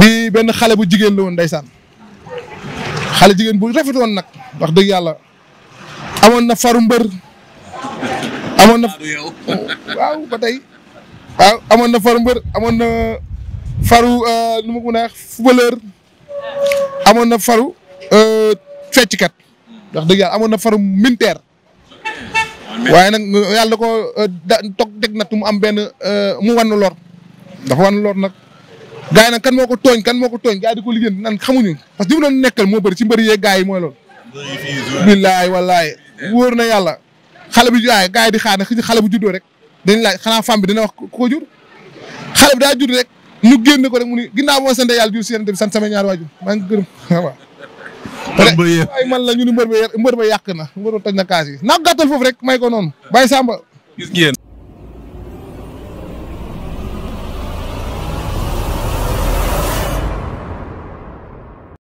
bii benn xale bu jigéen la woon ndeysaan xale jigéen bu rafet woon nag wax dëgg yàlla amoon na faru mbër amoon na waaw ba tey waaw amoon na faru mbër amoon na faru euh, nu ma ko amoon na faru euh, fecckat wax dëgg yàlla amoon na faru militaire waaye nag yàlla da ko euh, tog toog teg mu am benn mu wan lor dafa wan lor nag gars yi nag kan moo ko tooñ kan moo ko tooñ gars di ko liggéey nan xamuñu parce que li mu doon nekkal moo bëri ci mbëri yeeg gars yi mooy loolu. billaay wallaay wóor na yàlla xale bi jaay ah, gars yi di xaar ne xale bu juddoo rek dañ laaj xanaa femme bi wax ku ko jur xale bi daa judd rek ñu génn ko rek mu ni ginnaaw moo sant yàlla jur si yéen bi sant sama ñaar waajur maa ngi gërëm ay man la ñu ni mbër ba mbër ba yàq na mbër ba na kaas yi naa foofu rek may ko noonu bàyyi sàmba gis